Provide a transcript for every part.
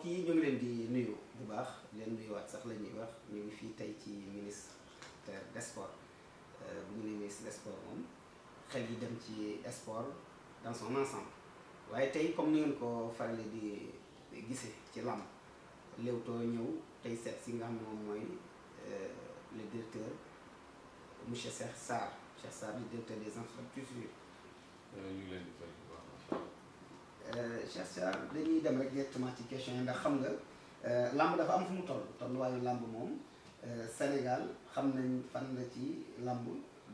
kii ñu leen di nuyu bu baax leen waat sax la ñuy wax ñu ngi fii tey ci ministre des sports euh, bu ñu nee ministre des moom xel yi dem ci sport dans son ensemble waaye tey comme ni ngeen ko farale di gise ci làmb Leewtoo ñëw tey set si nga xam ne moom mooy euh, le directeur monsieur Cheikh Sarr Cheikh Sarr le directeur des infrastructures euh, ñu ngi leen di fay Cheikh Sarr dañuy dem rek directement ci question yi ndax xam nga euh, làmb dafa am fu mu toll tolluwaayu làmb moom euh, Sénégal xam nañ fan na ci làmb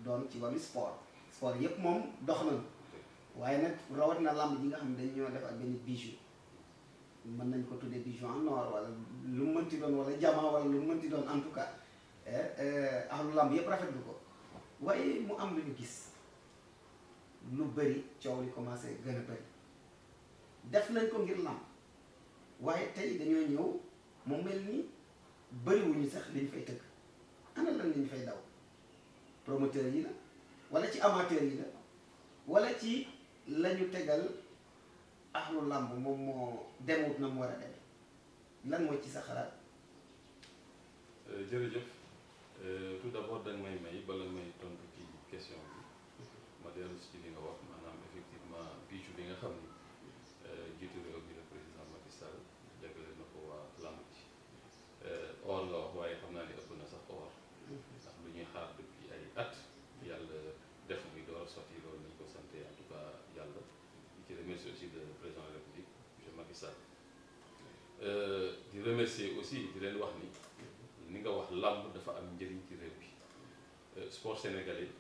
doon ci wàllu sport sport yëpp moom dox waaye nag na làmb ji nga xam ne dañu nañ ko tuddee bijou en or wala lu mu mënti doon wala jamaa wala lu mu mënti doon en tout cas eh, eh, ahlu làmb yëpp rafetlu ko waaye mu am lu gis lu bëri coow li commencé gën a bëri def nañ ko ngir làmb waaye tey dañoo ñëw mu mel ni bëriwuñu sax liñ fay tëgg ana lan lañ fay daw promoteur yi la wala ci amateur yi la wala ci lañu tegal axlu làmb moom moo demut na mu war a demee lan moo ci sa xalaat euh, jërëjëf euh, tout d'abord danga may may bala may tontu ci question bi ma dellu ci li nga wax maanaam effectivement bijou bi xam Euh, di remercier aussi di leen wax ni ni nga wax làmb dafa am njëriñ ci réew bi euh, sport sénégalais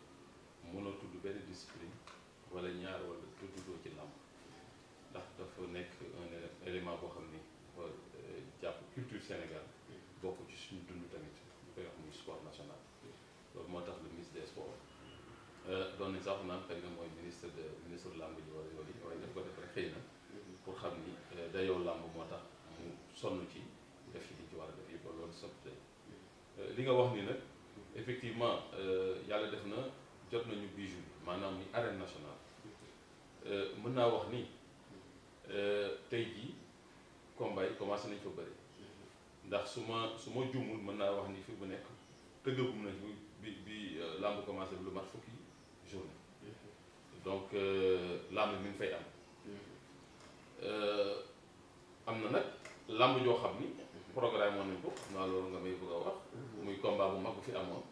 mënoo tudd benn discipline wala ñaar wala tuddudoo ci làmb ndax dafa nekk un boo xam ni euh, jàpp culture Sénégal bokk ci suñu dund tamit ñu koy wax muy sport national loolu moo tax le ministre des sports doon nañ sax naan xëy na mooy ministre de ministre làmb yooyu waaye daf ko def xëy na pour xam ni dayoo làmb moo tax sonn ci def ci liñ ci war a def yëpp sotte euh, li nga wax ni nag effectivement euh, yàlla def na jot nañu bijou bi maanaam ni arène nationale euh, mën naa wax ni tey jii combat yi nañ ko bëri ndax su ma su ma juumul mën naa wax ni fi bu nekk tëggagum nañ bi bi bi làmb commencé lu mat fukki journée donc làmb mi ngi fay am am na nag làmb joo xam ni programme woon nañ ko naa loolu nga may bëgg wax muy combat bu mag bu fi amoon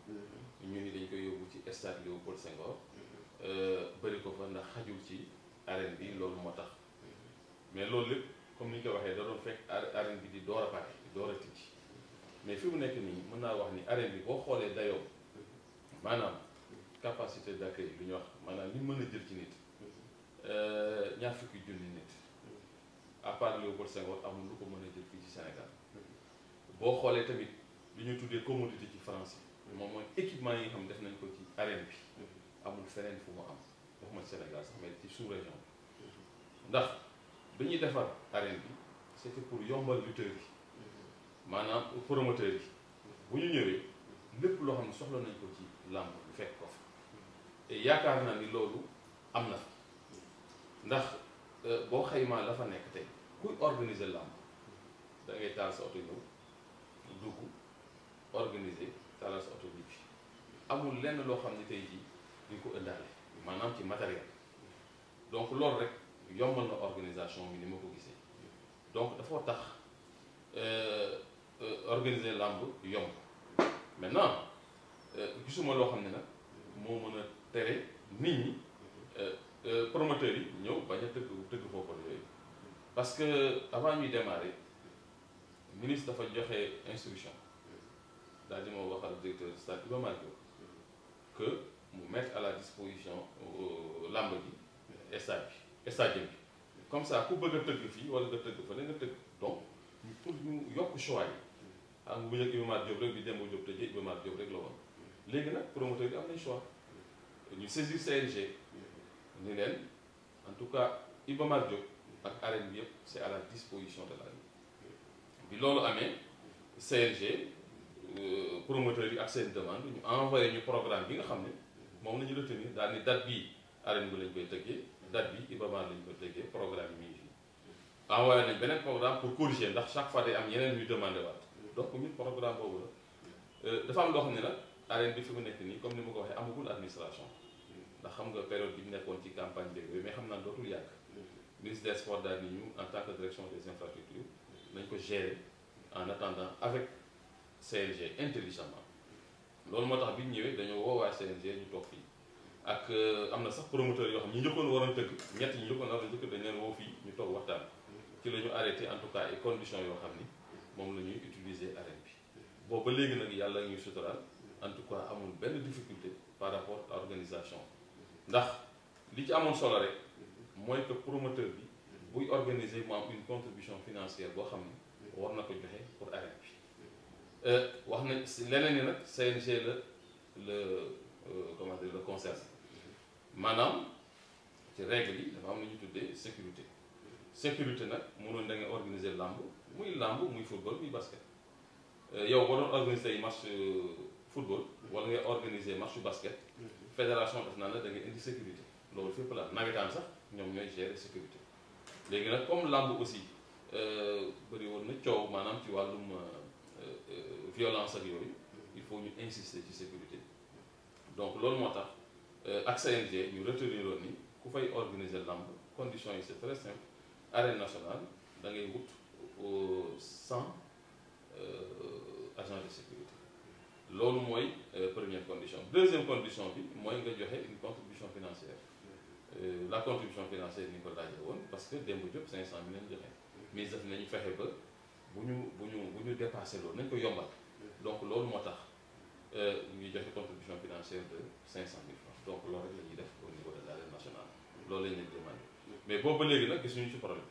ñu ni dañ koy yóbbu ci stade Léopold Senghor euh, bëri ko fa ndax xajul ci arène bi loolu moo tax mais loolu lépp comme ni ñu ko waxee da doon fekk arène bi di door a pare door a tijji mais fi mu nekk nii mën naa wax ni arène bi boo xoolee dayoo maanaam capacité d'accueil lu ñu wax maanaam li mën a jël ci nit euh, ñaar fukki junni nit à part Léopold Senghor amul lu ko mën a jël fii ci Sénégal boo xoolee tamit lu ñuy tuddee commodité ci français moom mooy équipement yi nga xam def nañ ko ci arène bi amul feneen fu mu am waxuma Sénégal sax mais ci sous-région bi ndax bi ñuy defar arène bi c'était pour yombal lutteurs yi maanaam promoteurs yi bu ñu ñëwee lépp loo xam soxla nañ ko ci làmb bu fekk ko fa te yaakaar naa ni loolu am na ndax Eh, boo xaymaa la fa nekk tey kuy organiser làmb da ngay taal sa oto ñëw dugg organiser taalal sa oto ñibbi amul lenn loo xam ne tey di duñ ko ëndaale maanaam ci matériel donc loolu rek yombal na organisation bi ni ma ko gisee donc dafa tax eh, eh, organiser làmb yomb maintenant gisuma loo xam ne nag moo mën a tere nit ñi. Euh, promoteurs yi ñëw bañ a tëgg tëgg foofu yooyu parce que avant ñuy démarrer ministre dafa joxe instruction daal di ma waxal directeur de stade Iba Mar Diop que mu mettre à la disposition euh, làmb ji stade bi stade bi comme ça ku bëgg a tëgg fii wala nga tëgg fa ne nga tëgg donc ñu pour ñu yokk choix yi xam ah, nga bu njëkk Iba Mar Diop rek bi Demba Diop tëjee Iba Mar Diop rek la woon léegi nag promoteur bi am nañ choix ñu saisir CNG ni leen en tout cas Iba Mar Diop ak arène bi yëpp c'est à la disposition de l'arène bi loolu amee CNG euh, promoteur yi ak seen demande ñu envoyé ñu programme bi nga xam ne moom la ñu retenir daal ni date bii arène bi lañ koy tëggee date bi Iba Mar lañ koy tëggee programme yi ngi fi a nañ beneen programme pour corriger ndax chaque fois day am yeneen ñuy demandé waat donc ñun programme boobu la euh, dafa am loo xam ne nag arène bi fi mu nekk nii comme ni ma ko waxee amagul administration ndax xam nga période bi ñu nekkoon ci campagne bi mais xam naa dootul yàgg. Mm-hmm. ministre des sports daal ni ñu en tant que direction des infrastructures nañ ko gérer en attendant avec CNG intelligemment loolu moo tax bi ñu ñëwee dañoo woowaay CNG ñu toog fii ak euh, am na sax promoteur yoo xam ñu njëkkoon waroon tëgg ñett ñu njëkkoon waroon njëkk dañ leen woo fii ñu toog waxtaan mm-hmm. ci la ñu en tout cas ay conditions yoo xam ni moom la ñuy utiliser arène bi boobu léegi nag yàlla ñuy sutural en tout cas amul benn difficulté par rapport à ndax li ci amoon solo rek mooy que promoteur bi buy organiser mu am une contribution financière boo xam ne war na ko joxe pour arène bi euh, wax na si leneen ni nag CNG la le euh, comment dire le concert maanaam ci règle yi dafa am lu ñu tuddee sécurité sécurité nag mënoon da nga organiser làmb muy làmb muy football muy basket euh, yow boo doon organiser match football wala ngay organiser match basket fédération def naa la da ngay indi sécurité loolu fépp la nawetaan sax ñoom ñooy gérer sécurité léegi nag comme làmb aussi euh, bëri woon na coow maanaam ci wàllum euh, euh, violence ak yooyu il faut ñu insister ci sécurité donc loolu moo tax ak CNG ñu retenir woon ni ku fay organiser làmb conditions yi c'est très simple arène nationale da ngay wut cent agents de sécurité loolu mooy euh, première condition deuxième condition bi mooy nga joxe une contribution financière euh, la contribution financière ni ko laajee woon parce que démb jop 500 mille lañ joxe mais def nañu fexe ba bu ñu bu ñu bu ñu dépassé loolu nañ ko yombal donc loolu moo tax euh, ñuy joxe contribution financière de 500 mille francs donc loolu rek la ñuy def au niveau de l'arène nationale loolu lañ leen demandé mais boobu ba léegi nag gisuñu si problème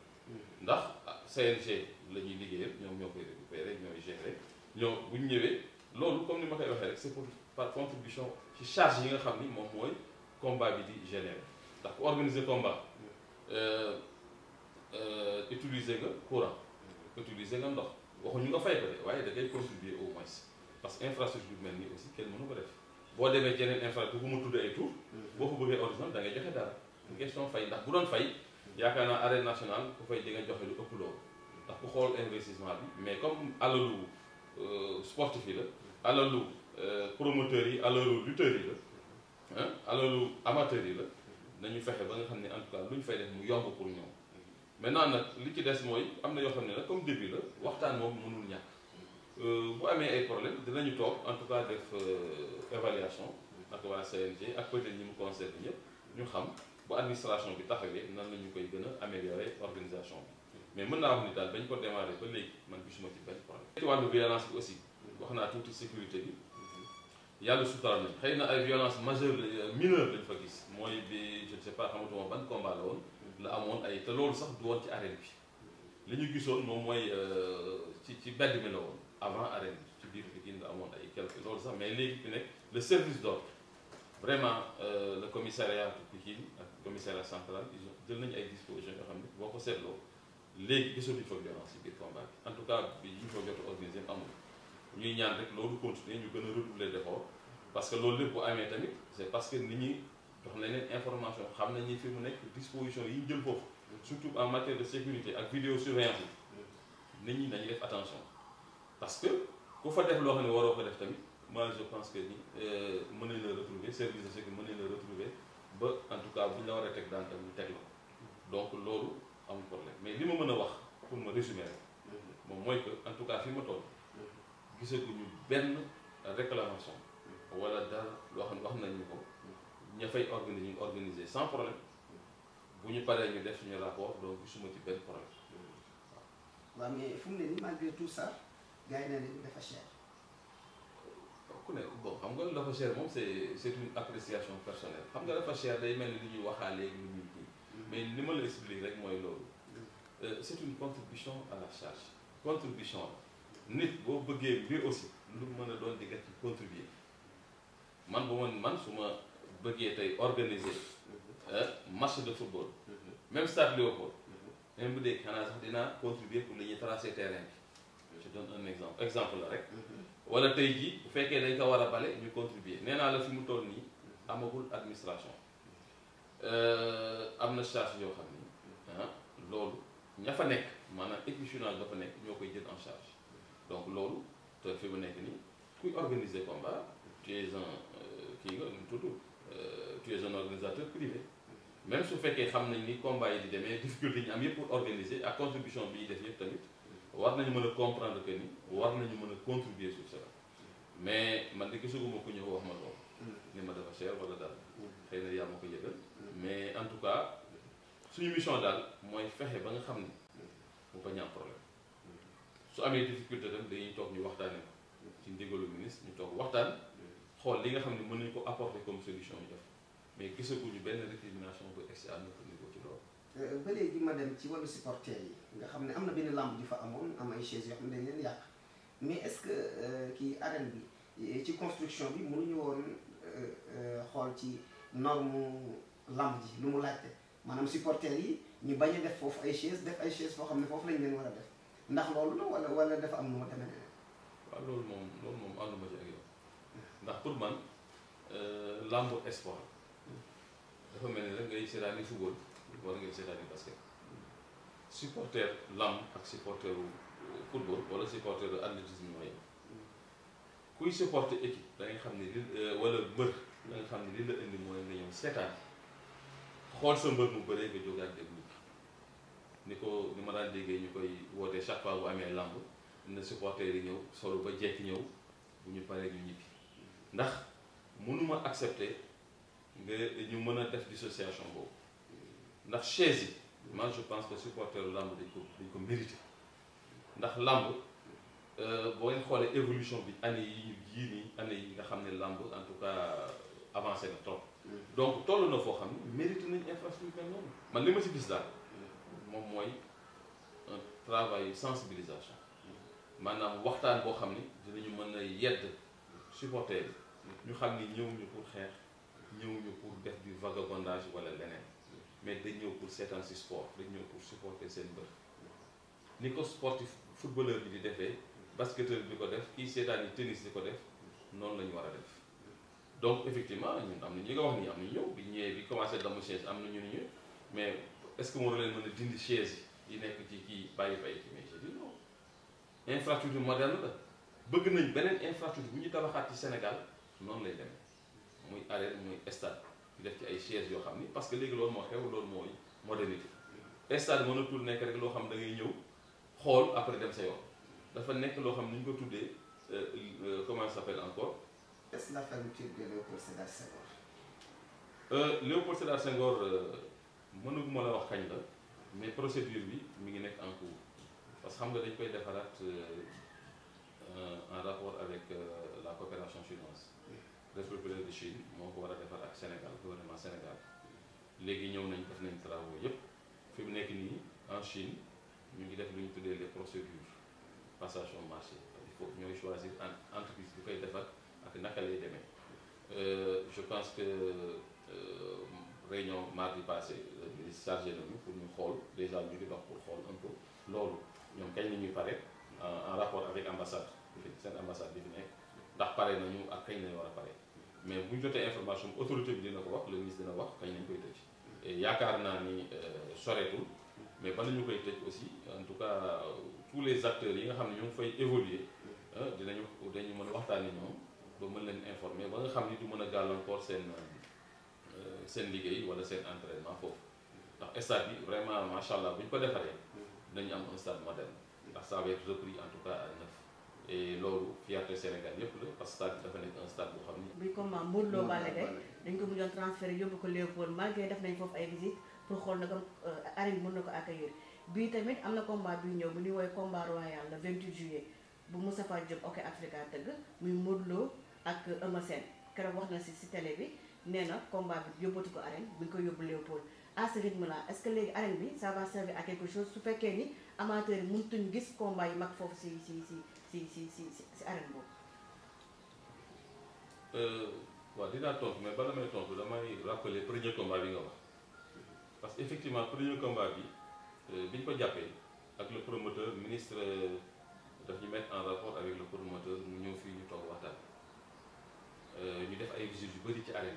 ndax ah, CNG la ñuy liggéeyal ñoom ñoo koy récupérer ñoo bu ñu ñëwee loolu comme ni ma koy waxee rek c'est pour par contribution ci charge yi nga xam ni moom mooy combat bi di généré ndax ku organiser combat euh, euh, utiliser nga courant utiliser nga ndox waxuñu nga fay ko de waaye da ngay contribuer au moins parce que infrastructure mel nii aussi kenn mënu ko def boo demee jeneen infrastructure bu ma tudd ay tour boo ko bëggee original da ngay joxe dara du question fay ndax bu doon fay yaakaar naa arène nationale ku fay di nga joxe lu ëpp loolu ndax ku mais comme alalu euh, sportif yi la alalu euh, promoteurs yi alalu lutteurs yi la alalu amateurs yi la nañu fexe ba nga xam ne en tout cas lu ñu fay def mu yomb pour ñoom maintenant nag li ci des mooy am na yoo xam ne nag comme début la waxtaan moom mënul ñàkk euh, bu amee ay problème dinañu toog en tout cas def euh, évaluation ak waa CNG ak peut-être ñi mu concerne ñëpp ñu xam bu administration bi taxawee nan la ñu koy gën a améliorer organisation bi mais mën naa wax ni daal bañ ko démarrer ba léegi man gisuma ci benn problème ci bi aussi wax naa tuuti sécurité bi yàlla suturaal nañ xëy na ay violence majeure mineure lañ fa gis mooy bi je ne sais pas xamatuma ban combat la woon la amoon ay te loolu sax du woon ci arène bi li ñu gisoon moom mooy euh, ci ci mbedd mi la woon avant arène bi ci biir Pikine amoon ay quelques loolu sax mais léegi fi nekk le service d'ordre vraiment euh, le commissariat de Pikine ak commissariat central jël nañu ay dispositions yoo xam ne boo ko seetloo léegi gisatuñu fa violence ci biir combat bi en tout cas bi ñu ko jot a organisé amul ñuy ñaan rek loolu continuer ñu gën a redoubler d'efforts parce que loolu lépp bu amee tamit c'est parce que nit ñi dox nañ leen information xam nañ ñi fi mu nekk disposition yi jël foofu surtout en matière de sécurité ak vidéosurveillance yi nit ñi nañu def attention parce que ku fa def loo xam ne waroo ko def tamit moi je pense que ni euh, mën nañ la retrouver service de sécurité mën nañ la retrouver ba en tout cas bu ñu la war a teg daan tamit teg la donc loolu amul problème mais li ma mën a wax pour ma mm-hmm. moom mooy en tout cas fi ma toll gisaguñu benn réclamation wala dara loo xam ne wax nañu ko ña fay organiser ñu organiser sans problème bu ñu paree ñu def suñu rapport donc suma ci benn problème waaw. waaw mais fu mu ne nii malgré tout ça gars yi na leen dafa cher. ku ne bon xam nga dafa cher moom c' est c' est une appréciation personnelle xam nga dafa cher day mel ni li ñuy waxaalee lu ñuy mm-hmm. mais ni ma la explique rek mooy loolu. Mm-hmm. Euh, c' est une contribution à la charge contribution la. nit boo bëggee mbir aussi lu mën a doon di nga ci contribuer man bu man man su ma bëggee tey organiser mhm. match de football mhm. même stade Léopold mhm. même bu dee xanaa sax dinaa contribuer pour li ñuy tracer terrain bi je donne un exemple exemple la rek wala tey jii bu fekkee dañ ko war a bale ñu contribuer nee naa la fi mu toll nii amagul administration euh, am na charge yoo xam ni loolu ña nekk maanaam équipe nationale ba fa nekk ñoo koy jël en charge donc loolu te fi mu nekk nii kuy organiser combat tu es un euh, kii nga nu mu tudd euh, tu es un organisateur privé même su fekkee xam nañ ni combat yi di demee difficulté ñu am yëpp pour organiser ak contribution bi ñuy def yëpp tamit war nañu mën a comprendre que ni war nañu mën a contribuer sur cela mais man de gisaguma ku ñëw wax ma loolu. ni ma dafa cher wala daal. xëy na yaa ma ko yëgal. mais en tout cas suñu mission daal mooy fexe ba nga xam ni mu bañ problème. su amee difficulté tam dañuy toog ñu waxtaan ko ci ndigalu ministre ñu toog waxtaan xool li nga xam ne mën nañ ko apporter comme solution ñu def mais gisaguñu benn récrimination bu egsi à notre niveau ci loolu. Euh, ba léegi ma dem ci wàllu supporter yi nga xam ne am na benn lamb ju fa amoon am ay chaise yoo xam ne leen yàq mais est-ce que euh, kii arène bi euh, ci construction bi mënuñu woon xool ci norme lamb ji lu mu laajte maanaam supporter yi ñu bañ a def foofu ay chaise def ay chaise foo xam ne foofu lañ leen war ndax loolu la wala wala dafa am nu ma demee ne waaw loolu moom loolu moom ànduma ci ak yow ndax pour man euh, làmb espoir dafa mel ni rek ngay seetaani football wala ngay seetaani basket supporter làmb ak supporteru euh, football wala supporteru athlétisme mooy kuy supporter équipe danga xam ni li euh, wala mbër da nga xam ne li la indi mooy nga ñëw seetaan xool sa mbër mu bëree nga jógaat déglu ni ko ni ma daan déggee ñu koy wootee chaque fois bu amee làmb na supporter yi ñëw solo ba jekk ñëw bu ñu paree ñu ñibbi ndax mënuma accepter nga ñu mën a def dissociation boobu ndax chaise yi man je pense que supporteru làmb dañ ko dañ ko mérité ndax làmb euh, boo ngeen xoolee évolution bi année yi ñu yii nii année yi nga xam ne làmb en tout cas avancé na trop mm. donc toll na foo xam ne mérité nañ man li ma si gis daal moom mooy un travail sensibilisation maanaam waxtaan boo xam ni dinañu mën a yedd supporter bi ñu xam ni ñëwuñu pour xeex ñëwuñu pour def du vagabondage wala leneen mais dañ ñëw pour seetaan si sport dañ ñëw pour supporter seen mbër ni ko sportif footballeur bi di defee basketteur bi ko def kii seetaan yi tennis di ko def noonu la ñu war a def donc effectivement am na ñu nga wax nii am ñëw bi ñëwee bi commencé damu am na ñu ni ñu mais est-ce que waru leen mën a dindi chaise yi nekk ci kii bàyyi fa ay kii mais j'ai dit non infrastructure la bëgg nañ beneen infrastructure bu ñu tabaxaat ci Sénégal noonu lay dem muy arène muy stade ñu def ci ay chaise yoo xam ni parce que léegi loolu moo xew loolu mooy modernité stade mënatul nekk rek loo xam da ngay ñëw xool après dem sa yoon dafa nekk loo xam ni ñu ko tuddee euh, euh, comment ça s'appelle encore. est-ce Léopold Sédar Senghor. Euh, mënaguma la wax kañ la mais procédure bi mi ngi nekk en cours parce que xam nga dañ koy defaraat euh, en rapport avec euh, la coopération chinoise Grèce de Chine moo ko war a defar ak Sénégal gouvernement Sénégal léegi ñëw nañ def nañ travaux yépp fi mu nekk nii en Chine ñu ngi def lu ñu tuddee les procédures passage au marché il faut ñooy choisir entreprise bu koy defar ak naka lay demee euh, pense que réunion mardi passé euh, chargé nañu pour ñu xool déjà ñu ngi pour xool un peu loolu ñoom kañ la ñuy pare en rapport avec ambassade seen ambassade bi fi nekk ndax pare nañu ak kañ lañu war a pare mais bu ñu jotee information autorité bi dina ko wax le ministre dina wax kañ lañ koy tëj et yaakaar naa ni euh, soreetul mais bala ñu koy tëj aussi en tout cas euh, tous les acteurs yi nga xam ne ñu ngi fay évoluer dinañu dañu mën a waxtaani ñoom ba mën leen informer ba nga xam ni du mën a gàllankoor seen seen liggéey wala seen entraînement foofu ndax stade bi vraiment macha allah bu ko defaree nañu am un stade moderne ndax ça va être en tout cas à loolu fierté Sénégal yëpp la parce que stade bi dafa nekk un stade boo xam ni. muy comme Modou Lo Balla dañ ko mujjoon transféré yóbbu ko Léopold malgré def nañ foofu ay visite pour xool na a euh, arène mën na ko accueillir bii tamit am na combat bi ñëw mu ñuy woowee combat royal le 28 juillet bu Moustapha Diop ok wax na si si bi. nee na combat bi yóbbatu ko arène bi ñu ko yóbbu Léopold à ce rythme là est-ce que léegi arène bi ça va servir à quelque chose su fekkee ni amateur yi mëntuñ gis combat yi mag foofu si si si si si si si arène boobu. Euh, waaw dinaa tontu mais bala may tontu damay rappeler premier combat bi nga wax parce que effectivement premier combat bi euh, bi ñu ko jàppee ak le promoteur ministre euh, daf ñu mettre en rapport avec le promoteur mu ñëw fii ñu toog waxtaan. ñu def ay visite yu bëri ci arène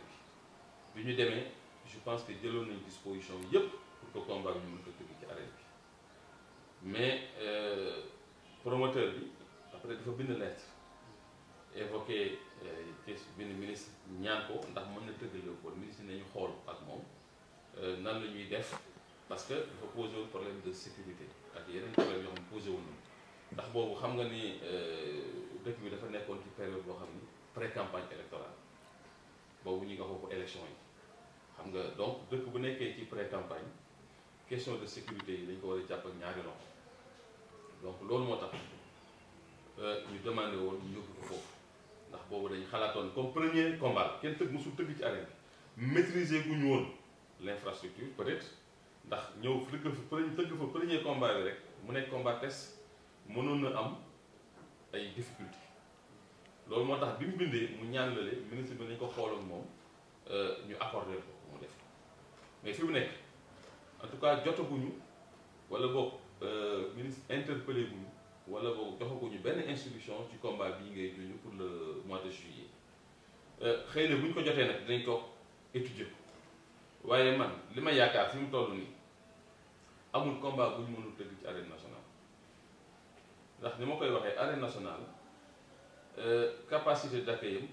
du ñu demee je pense que jëloon nañ disposition yépp pour que combat bi ñu mën ko bi mais euh, promoteur bi après dafa bind lettre euh, bind ministre ñaan ko ndax mën na tëgg Léopold ministre nañu xool ak moom euh, nan la ñuy def parce que dafa posé woon problème de sécurité ak yeneen problème yoo xam ne posé woon ndax boobu xam nga ni dëkk bi dafa nekkoon ci période boo xam ni pré campagne électorale boobu ñu nga foofu élection yi xam nga donc dëkk bu nekkee ci pré campagne question de sécurité yi dañ ko war a jàpp ak ñaari loxo donc loolu moo tax euh, ñu demandé woon ñu yóbbu ko foofu ndax boobu dañ xalaatoon comme premier combat kenn tëgg mosul tëgg ci arène bi maîtriser gu ñu woon l' infrastructure peut-être ndax ñëw tëgg fa tëgg fa premier combat bi rek mu nekk combat test mënoon na am ay difficulté loolu moo tax bi mu bindee mu ñaan lale ministre bi nañ ko xooloon ak moom euh, ñu accordé ko. mais fi mu nekk en tout cas jotaguñu wala boog euh, ministre interpellé guñu wala boog joxaguñu benn instruction ci combat bi ngay juñu pour le mois de juillet euh, xëy na bu ñu ko jotee nag dinañ ko étudier waaye man li ma yaakaar fi mu toll nii amul combat bu ñu mënul tëgg ci arène nationale ndax ni ma koy waxee arène nationale euh, capacité d'accueil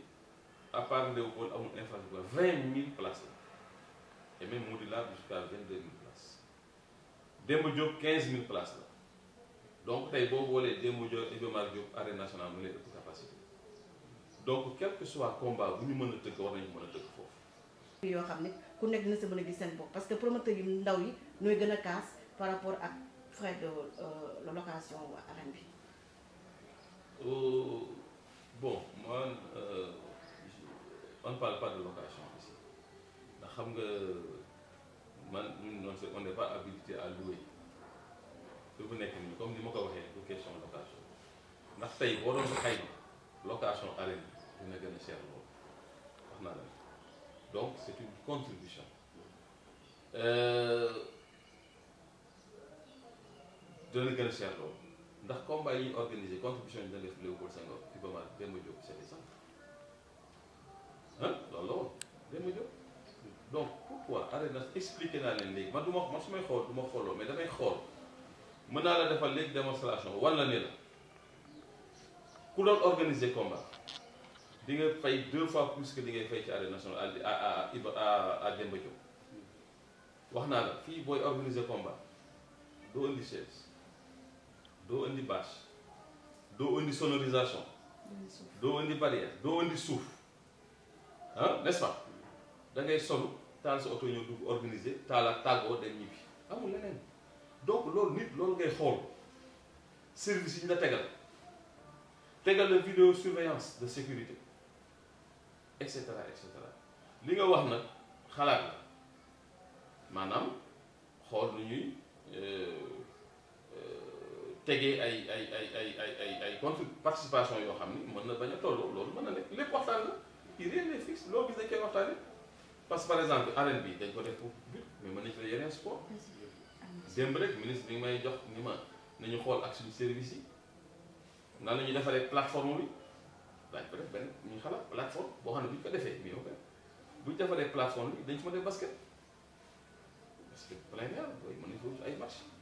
am à part Léopold amul infrastructure vingt mille places la et même au-delà jusqu'à 22 000 places Demba Diop 15 000 places la donc tey boo boolee Demba Diop Iba Mar Diop arène nationale mu lay ëpp capacité donc quel que soit combat bu ñu mën a tëgg war nañu mën a tëgg foofu. yoo xam ne ku nekk na sa mën a gis seen parce que promoteur yu ndaw yi ñooy gën a kaas par rapport ak frais de euh, location arène bi. Euh, bon man euh, on ne parle de location. xam nga man ñun on n'est pas habilité à louer fi mu nekk nii comme ni ma ko waxee du question location ndax tey boo doon xayma location arène dina gën a cher contribution euh, dina gën a ndax combat yi organisé contribution yi dina def Léopold Senghor Iba Mar Demba Diop c'est des cent ah loolu la woon Demba Diop donc pourquoi arrêt na expliqué naa leen léegi man du ma man su may xool du ma xooloo mais damay xool mën naa la defal léegi démonstration wan la ne la ku doon organiser combat di nga fay deux fois plus que di ngay fay ci arène nationale à à à à Demba wax naa la fii booy organiser combat doo indi chaise doo indi bâche doo indi sonorisation doo indi barrière doo indi suuf ah nest pas da solu taal sa oto ñëw dugg organiser taalaat tàggoo dem ñibbi amul leneen donc loolu nit loolu ngay xool service yi ñu la tegal tegal la vidéo surveillance de sécurité et cetera et cetera li nga wax nag xalaat la maanaam xool nu ñuy euh, euh, tegee ay ay ay ay ay ay ay contre participation yoo xam ni mën na bañ a tolloo loolu mën na nekk lépp waxtaan la il rien n'est fixe loo gis dañ koy waxtaanee. parce que par exemple arène bi dañ ko def pour but mais mën nañu fa yeneen sport démb rek ministre bi may jox ni ma nañu xool ak suñu service yi nan la ñuy defaree plateforme bi daañu ko def benn ñu xalaat plateforme boo xam ne bu ko defee mieux que bu ñu defaree plateforme bi dañ ci mën def basket parce que plein booy mën nañu fa ay match